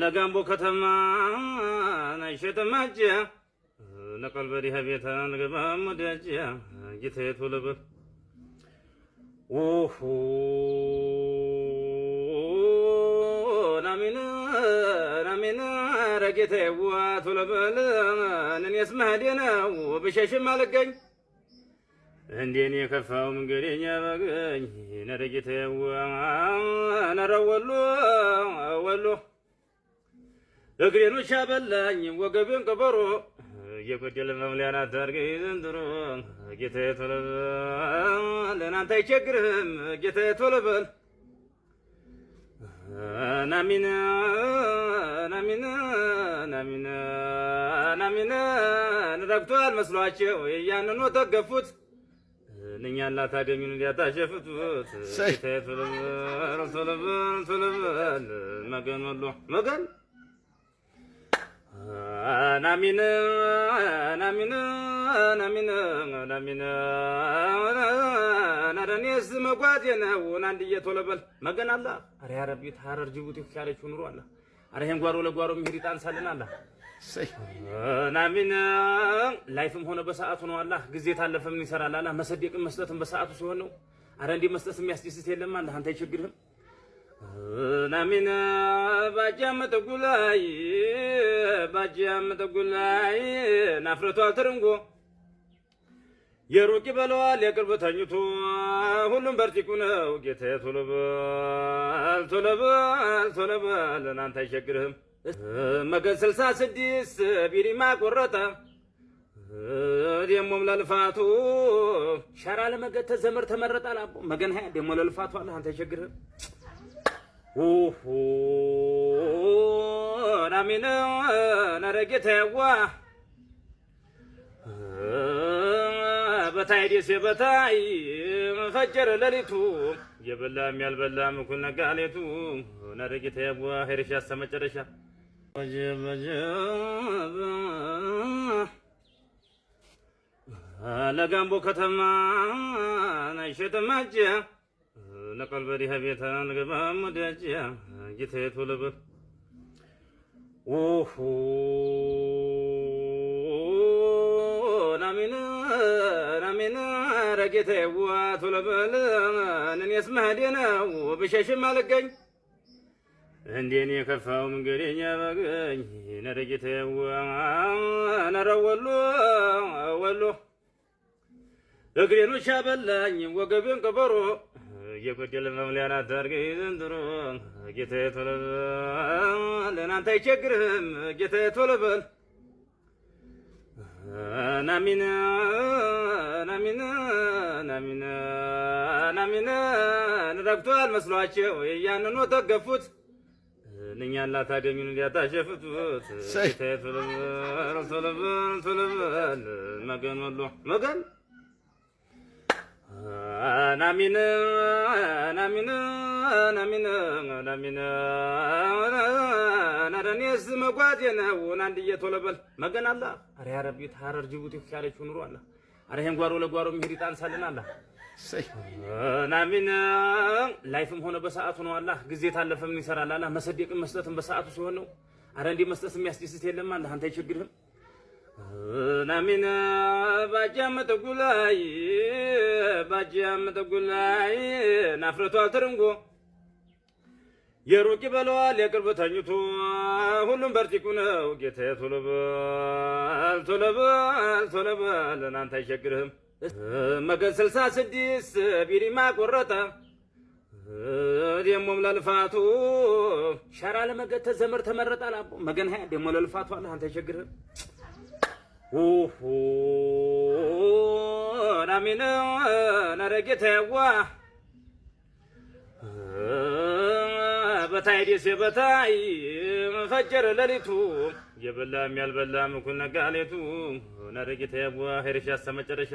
ለጋንቦ ከተማ ናይሸተማጀ ለቀልበዲህ ቤተ ንግባ መዳጀ ጌታዬ ቶለበል ለጌታ የዋት ለበልን እኔስ መሄዴ ነው ብሸሽም አልገኝ እንዴን የከፋው መንገዴን ያበገኝ ነረ ጌታ የዋ ነረ ወሎ ወሎ እግሬኖች አበላኝ ወገቤን ቀበሮ የጎደለ መምሊያና ታርገ ዘንድሮ ጌታዬ ቶሎ በል ለእናንተ አይቸግርህም ጌታዬ ቶሎ በል ናሚናናሚናናሚናን ረግቷል መስሏቸው ያንኑ ተገፉት እኛን ላታገኙን እንዲያታሸፍቱት ቶልበል መገን ወሎ መገን ናሚን ናሚን ናሚን ናሚን እኔ እዚህ መጓዝ የነህውን አንድዬ ቶሎ በል መገን አለ አረ ያ ረቢ ታረር ጅቡቲ ያለችው ኑሮ አለ አረ ይሄን ጓሮ ለጓሮ የሚሄድ ይጣንሳልን አለ ናሚን ላይፍም ሆነ በሰዓቱ ነው አላ ጊዜ ታለፈም ይሰራል አላ መሰደቅም መስጠትም በሰዓቱ ሲሆን ነው። አረ እንዲህ መስጠት የሚያስደስት የለም አለ አንተ አይቸግርህም። ናሚን ባጃም ተጉላይ ባጃም ተጉላይ ናፍረቷ ትርንጎ የሩቅ ይበለዋል የቅርብ ተኝቶ ሁሉም በርቲቁ ነው ጌታ ቶለበል ቶለበል ቶለበል እናንተ አይቸግርህም መገን ስልሳ ስድስት ቢሪማ ቆረጠ ደሞም ለልፋቱ ሸራ ለመገተት ዘመር ተመረጠ ላቦ መገን ሀያ ደሞ ለልፋቱ አለ አንተ አይቸግርህም ራሚን ነረ ጌታዬዋ በታይ ደሴ በታይ መፈጀር ለሊቱ የበላም ያልበላም እኩል ነጋሌቱ ነረጊተ ያቧ ሄርሻ አስተመጨረሻ ለጋምቦ ከተማ ናይሸተማጀ ነቀልበዲህ ቤታ ንገባ ሙዳጃ ጌታዬ ቶለበር ጌታ የዋት ለበለን እኔስ መሄዴ ነው ብሸሽም አልገኝ እንዴን የከፋው መንገደኛ በገኝ ነረ ጌታ ነረ ወሎ ወሎ እግሬኖች አበላኝ ወገቤን ቀበሮ እየጎደለ መብሊያን አታርገኝ ዘንድሮ ጌታ የቶለበል ለናንተ አይቸግርህም ጌታ የቶለበል ናሚን ነቅቷል መስሏቸው እያንኑ ተገፉት። ንኛላ ታገኙን እንዲያታሸፍቱት ቱልበል መገን ወሎ መገን ናሚን ናሚን ናሚን ናሚን ናደኔስ መጓዜ ነው ናንድዬ ቶለበል መገን አላ ኧረ ያ ረቢ ጅቡቲ ያለችው ኑሮ አላ አረ ይሄን ጓሮ ለጓሮ የሚሄድ ይጣንሳልን አላ ናሚን ላይፍም ሆነ በሰዓቱ ነው። አላ ጊዜ ታለፈም ይሰራል። አላ መሰደቅም መስጠትም በሰዓቱ ሲሆን ነው። አረ እንዲህ መስጠት የሚያስደስት የለም። አላ አንተ አይቸግርህም። ናሚን ባጃም ተጉላይ ባጃም ተጉላይ ናፍረቷ ትርንጎ የሩቅ ይበለዋል የቅርብ ተኝቶ ሁሉም በርቲቁ ነው። ጌታዬ ቶሎ በል ቶሎ በል ቶሎ በል እናንተ አይቸግርህም። መገን ስልሳ ስድስት ቢሪማ ቆረጠ ደሞም ለልፋቱ ሸራ ለመገድ ተዘምር ተመረጠ ላቦ መገን ሀያ ደሞ ለልፋቱ አለ አንተ አይቸግርህም። ኦሆ ናሚነ ነረ ጌታዬዋ በታይ ደሴ በታይ ፈጀረ ለሊቱ የበላም ያልበላም እኩል ነጋሌቱ ነረጌታ ያቧ ሄርሻ ሰመጨረሻ